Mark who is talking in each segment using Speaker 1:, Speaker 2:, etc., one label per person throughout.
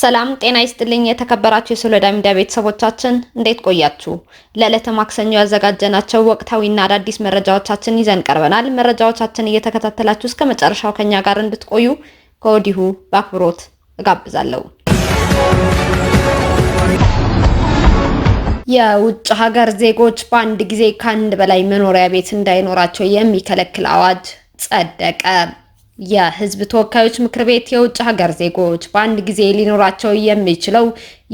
Speaker 1: ሰላም ጤና ይስጥልኝ። የተከበራችሁ የሶሎዳ ሚዲያ ቤተሰቦቻችን እንዴት ቆያችሁ? ለዕለተ ማክሰኞ ያዘጋጀናቸው ወቅታዊና አዳዲስ መረጃዎቻችን ይዘን ቀርበናል። መረጃዎቻችን እየተከታተላችሁ እስከ መጨረሻው ከኛ ጋር እንድትቆዩ ከወዲሁ በአክብሮት እጋብዛለሁ። የውጭ ሀገር ዜጎች በአንድ ጊዜ ከአንድ በላይ መኖሪያ ቤት እንዳይኖራቸው የሚከለክል አዋጅ ጸደቀ። የህዝብ ተወካዮች ምክር ቤት የውጭ ሀገር ዜጎች በአንድ ጊዜ ሊኖራቸው የሚችለው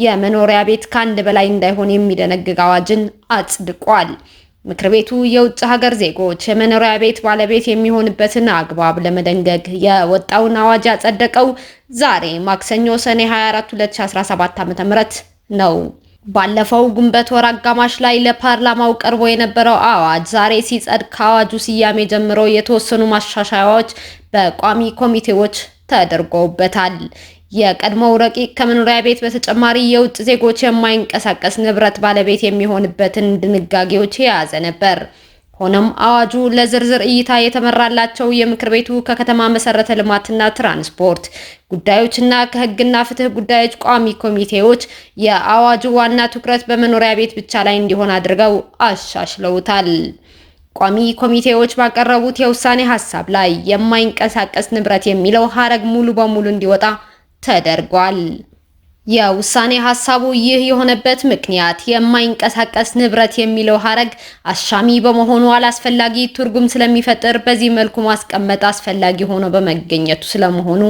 Speaker 1: የመኖሪያ ቤት ከአንድ በላይ እንዳይሆን የሚደነግግ አዋጅን አጽድቋል። ምክር ቤቱ የውጭ ሀገር ዜጎች የመኖሪያ ቤት ባለቤት የሚሆንበትን አግባብ ለመደንገግ የወጣውን አዋጅ ያጸደቀው ዛሬ ማክሰኞ ሰኔ 24 2017 ዓ.ም ነው። ባለፈው ግንቦት ወር አጋማሽ ላይ ለፓርላማው ቀርቦ የነበረው አዋጅ ዛሬ ሲጸድቅ ከአዋጁ ስያሜ ጀምሮ የተወሰኑ ማሻሻያዎች በቋሚ ኮሚቴዎች ተደርጎበታል። የቀድሞው ረቂቅ ከመኖሪያ ቤት በተጨማሪ የውጭ ዜጎች የማይንቀሳቀስ ንብረት ባለቤት የሚሆንበትን ድንጋጌዎች የያዘ ነበር። ሆኖም አዋጁ ለዝርዝር እይታ የተመራላቸው የምክር ቤቱ ከከተማ መሰረተ ልማትና ትራንስፖርት ጉዳዮችና ከህግና ፍትህ ጉዳዮች ቋሚ ኮሚቴዎች የአዋጁ ዋና ትኩረት በመኖሪያ ቤት ብቻ ላይ እንዲሆን አድርገው አሻሽለውታል። ቋሚ ኮሚቴዎች ባቀረቡት የውሳኔ ሀሳብ ላይ የማይንቀሳቀስ ንብረት የሚለው ሀረግ ሙሉ በሙሉ እንዲወጣ ተደርጓል። የውሳኔ ሀሳቡ ይህ የሆነበት ምክንያት የማይንቀሳቀስ ንብረት የሚለው ሀረግ አሻሚ በመሆኑ አላስፈላጊ ትርጉም ስለሚፈጥር በዚህ መልኩ ማስቀመጥ አስፈላጊ ሆኖ በመገኘቱ ስለመሆኑ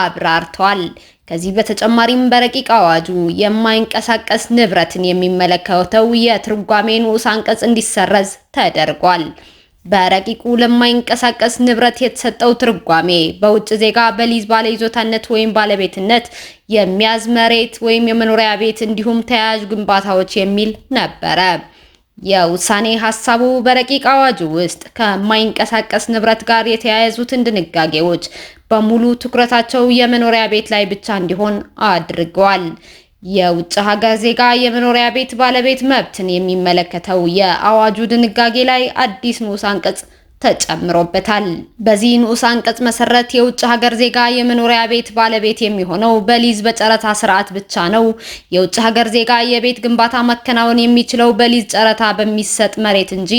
Speaker 1: አብራርተዋል። ከዚህ በተጨማሪም በረቂቅ አዋጁ የማይንቀሳቀስ ንብረትን የሚመለከተው የትርጓሜ ንዑስ አንቀጽ እንዲሰረዝ ተደርጓል። በረቂቁ ለማይንቀሳቀስ ንብረት የተሰጠው ትርጓሜ በውጭ ዜጋ በሊዝ ባለ ይዞታነት ወይም ባለቤትነት የሚያዝ መሬት ወይም የመኖሪያ ቤት እንዲሁም ተያያዥ ግንባታዎች የሚል ነበረ። የውሳኔ ሀሳቡ በረቂቅ አዋጁ ውስጥ ከማይንቀሳቀስ ንብረት ጋር የተያያዙትን ድንጋጌዎች በሙሉ ትኩረታቸው የመኖሪያ ቤት ላይ ብቻ እንዲሆን አድርገዋል። የውጭ ሀገር ዜጋ የመኖሪያ ቤት ባለቤት መብትን የሚመለከተው የአዋጁ ድንጋጌ ላይ አዲስ ንዑስ አንቀጽ ተጨምሮበታል። በዚህ ንዑስ አንቀጽ መሰረት የውጭ ሀገር ዜጋ የመኖሪያ ቤት ባለቤት የሚሆነው በሊዝ በጨረታ ስርዓት ብቻ ነው። የውጭ ሀገር ዜጋ የቤት ግንባታ መከናወን የሚችለው በሊዝ ጨረታ በሚሰጥ መሬት እንጂ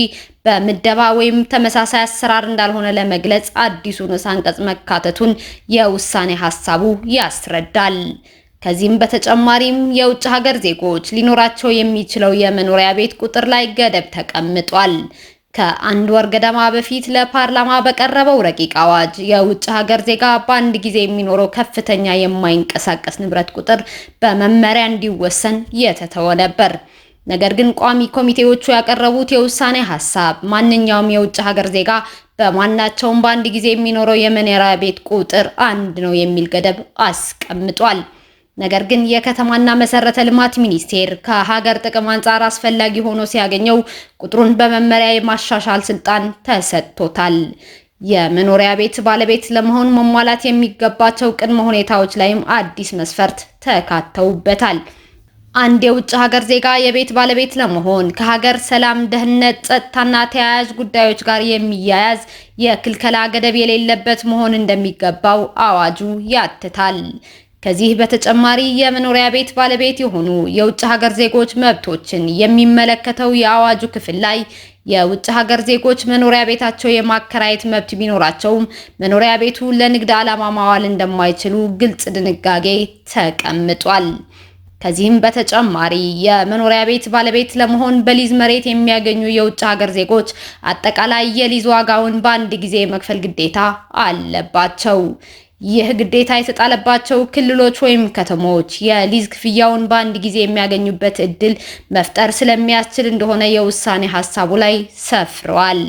Speaker 1: በምደባ ወይም ተመሳሳይ አሰራር እንዳልሆነ ለመግለጽ አዲሱ ንዑስ አንቀጽ መካተቱን የውሳኔ ሀሳቡ ያስረዳል። ከዚህም በተጨማሪም የውጭ ሀገር ዜጎች ሊኖራቸው የሚችለው የመኖሪያ ቤት ቁጥር ላይ ገደብ ተቀምጧል። ከአንድ ወር ገደማ በፊት ለፓርላማ በቀረበው ረቂቅ አዋጅ የውጭ ሀገር ዜጋ በአንድ ጊዜ የሚኖረው ከፍተኛ የማይንቀሳቀስ ንብረት ቁጥር በመመሪያ እንዲወሰን የተተወ ነበር። ነገር ግን ቋሚ ኮሚቴዎቹ ያቀረቡት የውሳኔ ሀሳብ ማንኛውም የውጭ ሀገር ዜጋ በማናቸውም በአንድ ጊዜ የሚኖረው የመኖሪያ ቤት ቁጥር አንድ ነው የሚል ገደብ አስቀምጧል። ነገር ግን የከተማና መሰረተ ልማት ሚኒስቴር ከሀገር ጥቅም አንጻር አስፈላጊ ሆኖ ሲያገኘው ቁጥሩን በመመሪያ የማሻሻል ስልጣን ተሰጥቶታል። የመኖሪያ ቤት ባለቤት ለመሆን መሟላት የሚገባቸው ቅድመ ሁኔታዎች ላይም አዲስ መስፈርት ተካተውበታል። አንድ የውጭ ሀገር ዜጋ የቤት ባለቤት ለመሆን ከሀገር ሰላም፣ ደህንነት፣ ጸጥታና ተያያዥ ጉዳዮች ጋር የሚያያዝ የክልከላ ገደብ የሌለበት መሆን እንደሚገባው አዋጁ ያትታል። ከዚህ በተጨማሪ የመኖሪያ ቤት ባለቤት የሆኑ የውጭ ሀገር ዜጎች መብቶችን የሚመለከተው የአዋጁ ክፍል ላይ የውጭ ሀገር ዜጎች መኖሪያ ቤታቸው የማከራየት መብት ቢኖራቸውም መኖሪያ ቤቱ ለንግድ ዓላማ ማዋል እንደማይችሉ ግልጽ ድንጋጌ ተቀምጧል። ከዚህም በተጨማሪ የመኖሪያ ቤት ባለቤት ለመሆን በሊዝ መሬት የሚያገኙ የውጭ ሀገር ዜጎች አጠቃላይ የሊዝ ዋጋውን በአንድ ጊዜ መክፈል ግዴታ አለባቸው። ይህ ግዴታ የተጣለባቸው ክልሎች ወይም ከተሞች የሊዝ ክፍያውን በአንድ ጊዜ የሚያገኙበት እድል መፍጠር ስለሚያስችል እንደሆነ የውሳኔ ሀሳቡ ላይ ሰፍረዋል።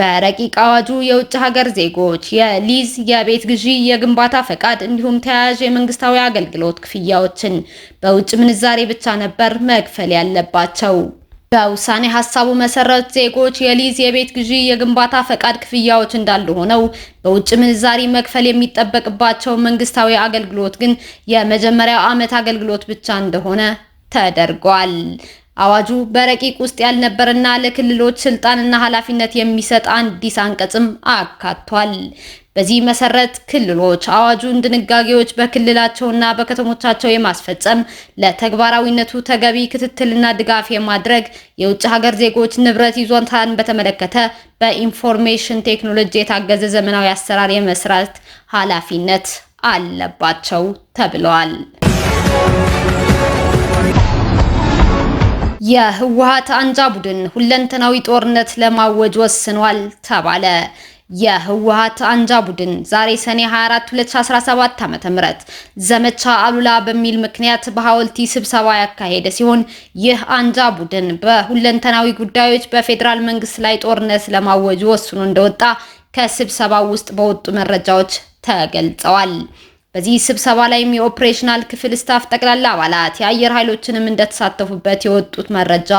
Speaker 1: በረቂቅ አዋጁ የውጭ ሀገር ዜጎች የሊዝ፣ የቤት ግዢ፣ የግንባታ ፈቃድ እንዲሁም ተያያዥ የመንግስታዊ አገልግሎት ክፍያዎችን በውጭ ምንዛሬ ብቻ ነበር መክፈል ያለባቸው። በውሳኔ ሀሳቡ መሰረት ዜጎች የሊዝ የቤት ግዢ የግንባታ ፈቃድ ክፍያዎች እንዳሉ ሆነው በውጭ ምንዛሪ መክፈል የሚጠበቅባቸው መንግስታዊ አገልግሎት ግን የመጀመሪያው ዓመት አገልግሎት ብቻ እንደሆነ ተደርጓል። አዋጁ በረቂቅ ውስጥ ያልነበረና ለክልሎች ስልጣንና ኃላፊነት የሚሰጥ አዲስ አንቀጽም አካቷል። በዚህ መሰረት ክልሎች አዋጁን ድንጋጌዎች በክልላቸውና በከተሞቻቸው የማስፈጸም ለተግባራዊነቱ ተገቢ ክትትልና ድጋፍ የማድረግ የውጭ ሀገር ዜጎች ንብረት ይዞታን በተመለከተ በኢንፎርሜሽን ቴክኖሎጂ የታገዘ ዘመናዊ አሰራር የመስራት ኃላፊነት አለባቸው ተብለዋል። የህወሓት አንጃ ቡድን ሁለንተናዊ ጦርነት ለማወጅ ወስኗል ተባለ። የህወሀት አንጃ ቡድን ዛሬ ሰኔ 24 2017 ዓ.ም ዘመቻ አሉላ በሚል ምክንያት በሐወልቲ ስብሰባ ያካሄደ ሲሆን ይህ አንጃ ቡድን በሁለንተናዊ ጉዳዮች በፌዴራል መንግስት ላይ ጦርነት ለማወጅ ወስኖ እንደወጣ ከስብሰባው ውስጥ በወጡ መረጃዎች ተገልጸዋል። በዚህ ስብሰባ ላይም የኦፕሬሽናል ክፍል ስታፍ ጠቅላላ አባላት የአየር ኃይሎችንም እንደተሳተፉበት የወጡት መረጃ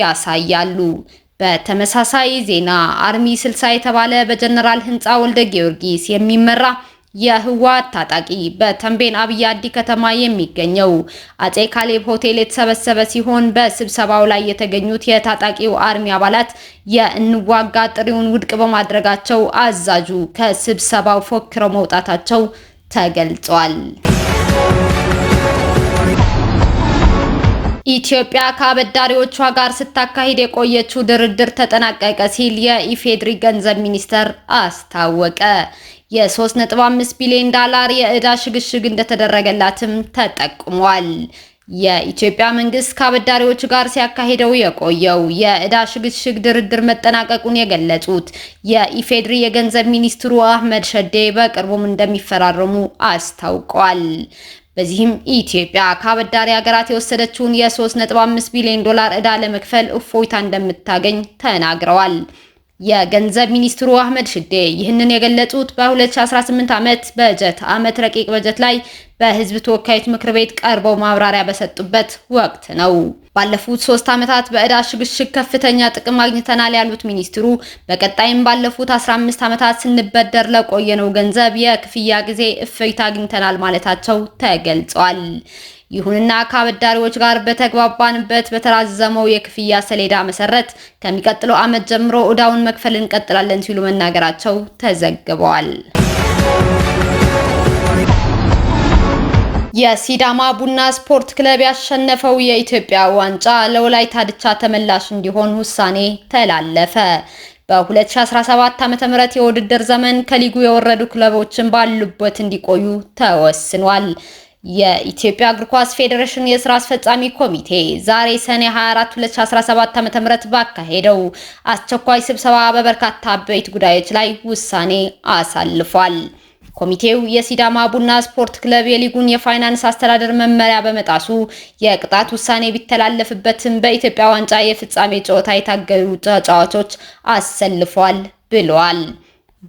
Speaker 1: ያሳያሉ። በተመሳሳይ ዜና አርሚ 60 የተባለ በጀነራል ህንፃ ወልደ ጊዮርጊስ የሚመራ የህወሓት ታጣቂ በተንቤን አብይ አዲ ከተማ የሚገኘው አጼ ካሌብ ሆቴል የተሰበሰበ ሲሆን በስብሰባው ላይ የተገኙት የታጣቂው አርሚ አባላት የእንዋጋ ጥሪውን ውድቅ በማድረጋቸው አዛዡ ከስብሰባው ፎክረው መውጣታቸው ተገልጿል። ኢትዮጵያ ከአበዳሪዎቿ ጋር ስታካሂድ የቆየችው ድርድር ተጠናቀቀ ሲል የኢፌዴሪ ገንዘብ ሚኒስቴር አስታወቀ። የ3.5 ቢሊዮን ዶላር የዕዳ ሽግሽግ እንደተደረገላትም ተጠቁሟል። የኢትዮጵያ መንግስት ከአበዳሪዎቹ ጋር ሲያካሂደው የቆየው የዕዳ ሽግሽግ ድርድር መጠናቀቁን የገለጹት የኢፌዴሪ የገንዘብ ሚኒስትሩ አህመድ ሸዴ በቅርቡም እንደሚፈራረሙ አስታውቋል። በዚህም ኢትዮጵያ ከአበዳሪ ሀገራት የወሰደችውን የ3.5 ቢሊዮን ዶላር ዕዳ ለመክፈል እፎይታ እንደምታገኝ ተናግረዋል። የገንዘብ ሚኒስትሩ አህመድ ሽዴ ይህንን የገለጹት በ2018 ዓመት በጀት ዓመት ረቂቅ በጀት ላይ በህዝብ ተወካዮች ምክር ቤት ቀርበው ማብራሪያ በሰጡበት ወቅት ነው። ባለፉት ሶስት ዓመታት በዕዳ ሽግሽግ ከፍተኛ ጥቅም አግኝተናል ያሉት ሚኒስትሩ በቀጣይም ባለፉት 15 ዓመታት ስንበደር ለቆየነው ገንዘብ የክፍያ ጊዜ እፎይታ አግኝተናል ማለታቸው ተገልጿል። ይሁንና ከአበዳሪዎች ጋር በተግባባንበት በተራዘመው የክፍያ ሰሌዳ መሰረት ከሚቀጥለው ዓመት ጀምሮ ዕዳውን መክፈል እንቀጥላለን ሲሉ መናገራቸው ተዘግበዋል። የሲዳማ ቡና ስፖርት ክለብ ያሸነፈው የኢትዮጵያ ዋንጫ ለወላይታ ድቻ ተመላሽ እንዲሆን ውሳኔ ተላለፈ። በ2017 ዓ.ም የውድድር ዘመን ከሊጉ የወረዱ ክለቦችን ባሉበት እንዲቆዩ ተወስኗል። የኢትዮጵያ እግር ኳስ ፌዴሬሽን የስራ አስፈጻሚ ኮሚቴ ዛሬ ሰኔ 24 2017 ዓ.ም ባካሄደው አስቸኳይ ስብሰባ በበርካታ አበይት ጉዳዮች ላይ ውሳኔ አሳልፏል። ኮሚቴው የሲዳማ ቡና ስፖርት ክለብ የሊጉን የፋይናንስ አስተዳደር መመሪያ በመጣሱ የቅጣት ውሳኔ ቢተላለፍበትም በኢትዮጵያ ዋንጫ የፍጻሜ ጨዋታ የታገዱ ተጫዋቾች አሰልፏል ብለዋል።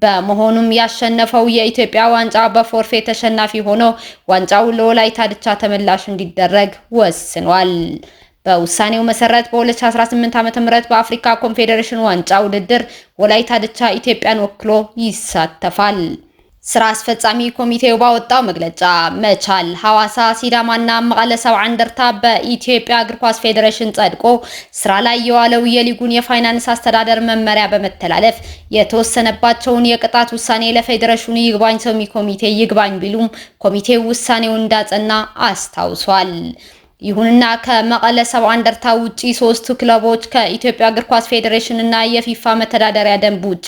Speaker 1: በመሆኑም ያሸነፈው የኢትዮጵያ ዋንጫ በፎርፌ ተሸናፊ ሆኖ ዋንጫው ለወላይታ ድቻ ተመላሽ እንዲደረግ ወስኗል። በውሳኔው መሰረት በ2018 ም በአፍሪካ ኮንፌዴሬሽን ዋንጫ ውድድር ወላይታ ድቻ ኢትዮጵያን ወክሎ ይሳተፋል። ስራ አስፈጻሚ ኮሚቴው ባወጣው መግለጫ መቻል፣ ሐዋሳ፣ ሲዳማና መቀለ ሰብዓ እንደርታ በኢትዮጵያ እግር ኳስ ፌዴሬሽን ጸድቆ ስራ ላይ የዋለው የሊጉን የፋይናንስ አስተዳደር መመሪያ በመተላለፍ የተወሰነባቸውን የቅጣት ውሳኔ ለፌዴሬሽኑ ይግባኝ ሰሚ ኮሚቴ ይግባኝ ቢሉም ኮሚቴው ውሳኔውን እንዳጸና አስታውሷል። ይሁንና ከመቀለ ሰባ እንደርታ ውጪ ሶስቱ ክለቦች ከኢትዮጵያ እግር ኳስ ፌዴሬሽን እና የፊፋ መተዳደሪያ ደንብ ውጪ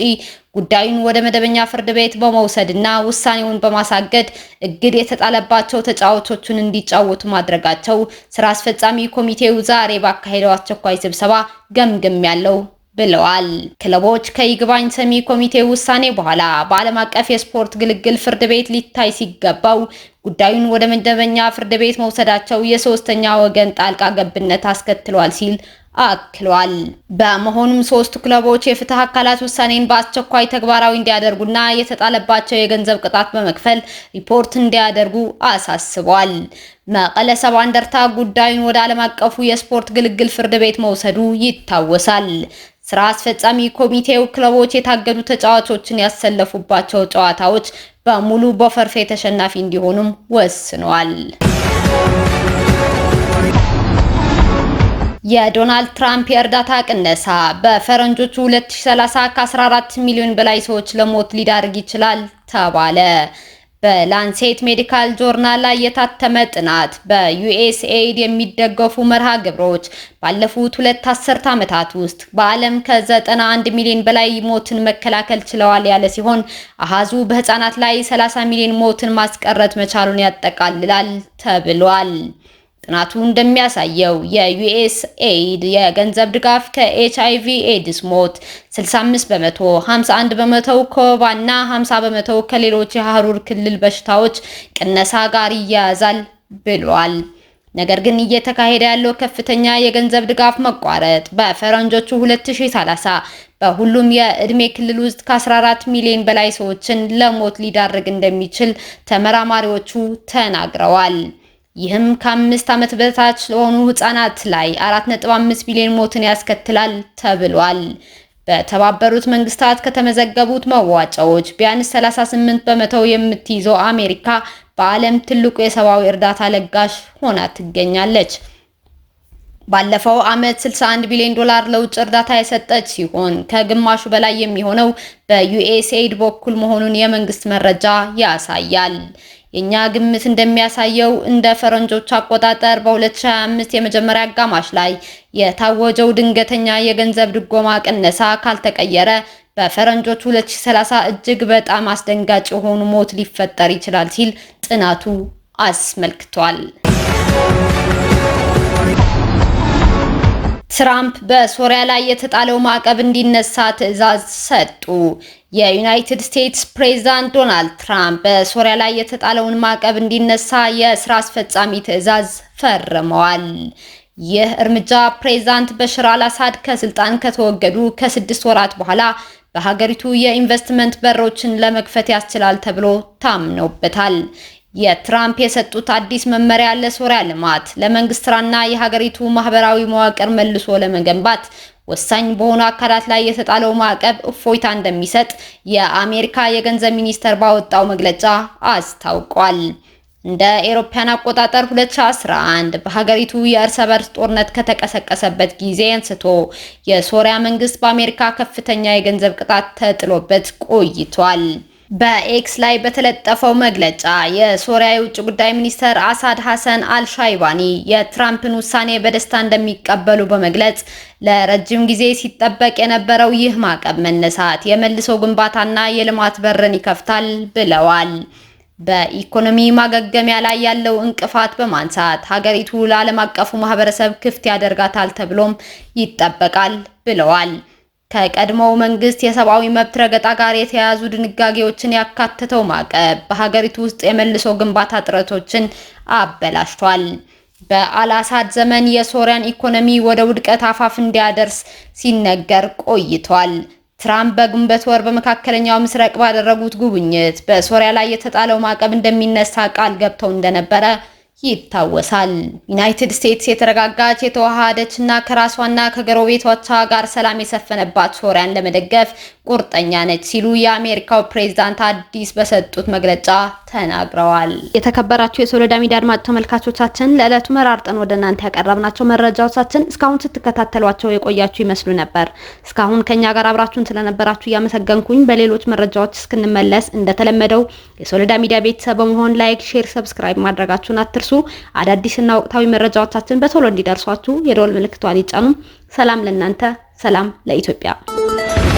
Speaker 1: ጉዳዩን ወደ መደበኛ ፍርድ ቤት በመውሰድና ውሳኔውን በማሳገድ እግድ የተጣለባቸው ተጫዋቾቹን እንዲጫወቱ ማድረጋቸው ስራ አስፈጻሚ ኮሚቴው ዛሬ ባካሄደው አስቸኳይ ስብሰባ ገምግም ያለው ብለዋል። ክለቦች ከይግባኝ ሰሚ ኮሚቴ ውሳኔ በኋላ በዓለም አቀፍ የስፖርት ግልግል ፍርድ ቤት ሊታይ ሲገባው ጉዳዩን ወደ መደበኛ ፍርድ ቤት መውሰዳቸው የሶስተኛ ወገን ጣልቃ ገብነት አስከትሏል ሲል አክሏል። በመሆኑም ሶስቱ ክለቦች የፍትህ አካላት ውሳኔን በአስቸኳይ ተግባራዊ እንዲያደርጉና የተጣለባቸው የገንዘብ ቅጣት በመክፈል ሪፖርት እንዲያደርጉ አሳስቧል። መቀለ ሰባ እንደርታ ጉዳዩን ወደ ዓለም አቀፉ የስፖርት ግልግል ፍርድ ቤት መውሰዱ ይታወሳል። ስራ አስፈጻሚ ኮሚቴው ክለቦች የታገዱ ተጫዋቾችን ያሰለፉባቸው ጨዋታዎች በሙሉ በፈርፌ ተሸናፊ እንዲሆኑም ወስኗል። የዶናልድ ትራምፕ የእርዳታ ቅነሳ በፈረንጆቹ 2030 ከ14 ሚሊዮን በላይ ሰዎች ለሞት ሊዳርግ ይችላል ተባለ። በላንሴት ሜዲካል ጆርናል ላይ የታተመ ጥናት በዩኤስኤድ የሚደገፉ መርሃ ግብሮች ባለፉት ሁለት አስርት ዓመታት ውስጥ በዓለም ከ91 ሚሊዮን በላይ ሞትን መከላከል ችለዋል ያለ ሲሆን አሃዙ በህፃናት ላይ 30 ሚሊዮን ሞትን ማስቀረት መቻሉን ያጠቃልላል ተብሏል። ጥናቱ እንደሚያሳየው የዩኤስኤይድ የገንዘብ ድጋፍ ከኤችአይቪ ኤድስ ሞት 65 በመቶ፣ 51 በመቶ ከወባና 50 በመቶ ከሌሎች የሐሩር ክልል በሽታዎች ቅነሳ ጋር ይያያዛል ብሏል። ነገር ግን እየተካሄደ ያለው ከፍተኛ የገንዘብ ድጋፍ መቋረጥ በፈረንጆቹ 2030 በሁሉም የእድሜ ክልል ውስጥ ከ14 ሚሊዮን በላይ ሰዎችን ለሞት ሊዳርግ እንደሚችል ተመራማሪዎቹ ተናግረዋል። ይህም ከአምስት ዓመት በታች ለሆኑ ህጻናት ላይ 4.5 ቢሊዮን ሞትን ያስከትላል ተብሏል። በተባበሩት መንግስታት ከተመዘገቡት መዋጫዎች ቢያንስ 38 በመቶ የምትይዘው አሜሪካ በዓለም ትልቁ የሰብአዊ እርዳታ ለጋሽ ሆና ትገኛለች። ባለፈው ዓመት 61 ቢሊዮን ዶላር ለውጭ እርዳታ የሰጠች ሲሆን ከግማሹ በላይ የሚሆነው በዩኤስኤድ በኩል መሆኑን የመንግስት መረጃ ያሳያል። የእኛ ግምት እንደሚያሳየው እንደ ፈረንጆች አቆጣጠር በ2025 የመጀመሪያ አጋማሽ ላይ የታወጀው ድንገተኛ የገንዘብ ድጎማ ቅነሳ ካልተቀየረ በፈረንጆች 2030 እጅግ በጣም አስደንጋጭ የሆኑ ሞት ሊፈጠር ይችላል ሲል ጥናቱ አስመልክቷል። ትራምፕ በሶሪያ ላይ የተጣለው ማዕቀብ እንዲነሳ ትዕዛዝ ሰጡ። የዩናይትድ ስቴትስ ፕሬዝዳንት ዶናልድ ትራምፕ በሶሪያ ላይ የተጣለውን ማዕቀብ እንዲነሳ የስራ አስፈጻሚ ትዕዛዝ ፈርመዋል። ይህ እርምጃ ፕሬዝዳንት በሽር አልአሳድ ከስልጣን ከተወገዱ ከስድስት ወራት በኋላ በሀገሪቱ የኢንቨስትመንት በሮችን ለመክፈት ያስችላል ተብሎ ታምኖበታል። የትራምፕ የሰጡት አዲስ መመሪያ ለሶሪያ ልማት፣ ለመንግስት ስራና የሀገሪቱ ማህበራዊ መዋቅር መልሶ ለመገንባት ወሳኝ በሆኑ አካላት ላይ የተጣለው ማዕቀብ እፎይታ እንደሚሰጥ የአሜሪካ የገንዘብ ሚኒስቴር ባወጣው መግለጫ አስታውቋል። እንደ ኤሮፓያን አቆጣጠር 2011 በሀገሪቱ የእርስ በርስ ጦርነት ከተቀሰቀሰበት ጊዜ አንስቶ የሶሪያ መንግስት በአሜሪካ ከፍተኛ የገንዘብ ቅጣት ተጥሎበት ቆይቷል። በኤክስ ላይ በተለጠፈው መግለጫ የሶሪያ የውጭ ጉዳይ ሚኒስተር አሳድ ሐሰን አልሻይባኒ የትራምፕን ውሳኔ በደስታ እንደሚቀበሉ በመግለጽ ለረጅም ጊዜ ሲጠበቅ የነበረው ይህ ማዕቀብ መነሳት የመልሶ ግንባታና የልማት በርን ይከፍታል ብለዋል። በኢኮኖሚ ማገገሚያ ላይ ያለው እንቅፋት በማንሳት ሀገሪቱ ለዓለም አቀፉ ማህበረሰብ ክፍት ያደርጋታል ተብሎም ይጠበቃል ብለዋል። ከቀድሞው መንግስት የሰብአዊ መብት ረገጣ ጋር የተያያዙ ድንጋጌዎችን ያካተተው ማዕቀብ በሀገሪቱ ውስጥ የመልሶ ግንባታ ጥረቶችን አበላሽቷል። በአላሳድ ዘመን የሶሪያን ኢኮኖሚ ወደ ውድቀት አፋፍ እንዲያደርስ ሲነገር ቆይቷል። ትራምፕ በግንቦት ወር በመካከለኛው ምስራቅ ባደረጉት ጉብኝት በሶሪያ ላይ የተጣለው ማዕቀብ እንደሚነሳ ቃል ገብተው እንደነበረ ይታወሳል። ዩናይትድ ስቴትስ የተረጋጋች የተዋሃደች ከራሷና ከጎረቤቶቿ ጋር ሰላም የሰፈነባት ሶሪያን ለመደገፍ ቁርጠኛ ነች ሲሉ የአሜሪካው ፕሬዝዳንት አዲስ በሰጡት መግለጫ ተናግረዋል። የተከበራችሁ የሶሎዳ ሚዲያ አድማጭ ተመልካቾቻችን ለዕለቱ መራርጠን ወደ እናንተ ያቀረብናቸው መረጃዎቻችን እስካሁን ስትከታተሏቸው የቆያችሁ ይመስሉ ነበር። እስካሁን ከኛ ጋር አብራችሁን ስለነበራችሁ እያመሰገንኩኝ በሌሎች መረጃዎች እስክንመለስ እንደተለመደው የሶሎዳ ሚዲያ ቤተሰብ በመሆን ላይክ፣ ሼር፣ ሰብስክራይብ ማድረጋችሁን አትርሱ። እንዳይረሱ፣ አዳዲስና ወቅታዊ መረጃዎቻችን በቶሎ እንዲደርሷችሁ የደወል ምልክቷን ይጫኑ። ሰላም ለእናንተ፣ ሰላም ለኢትዮጵያ።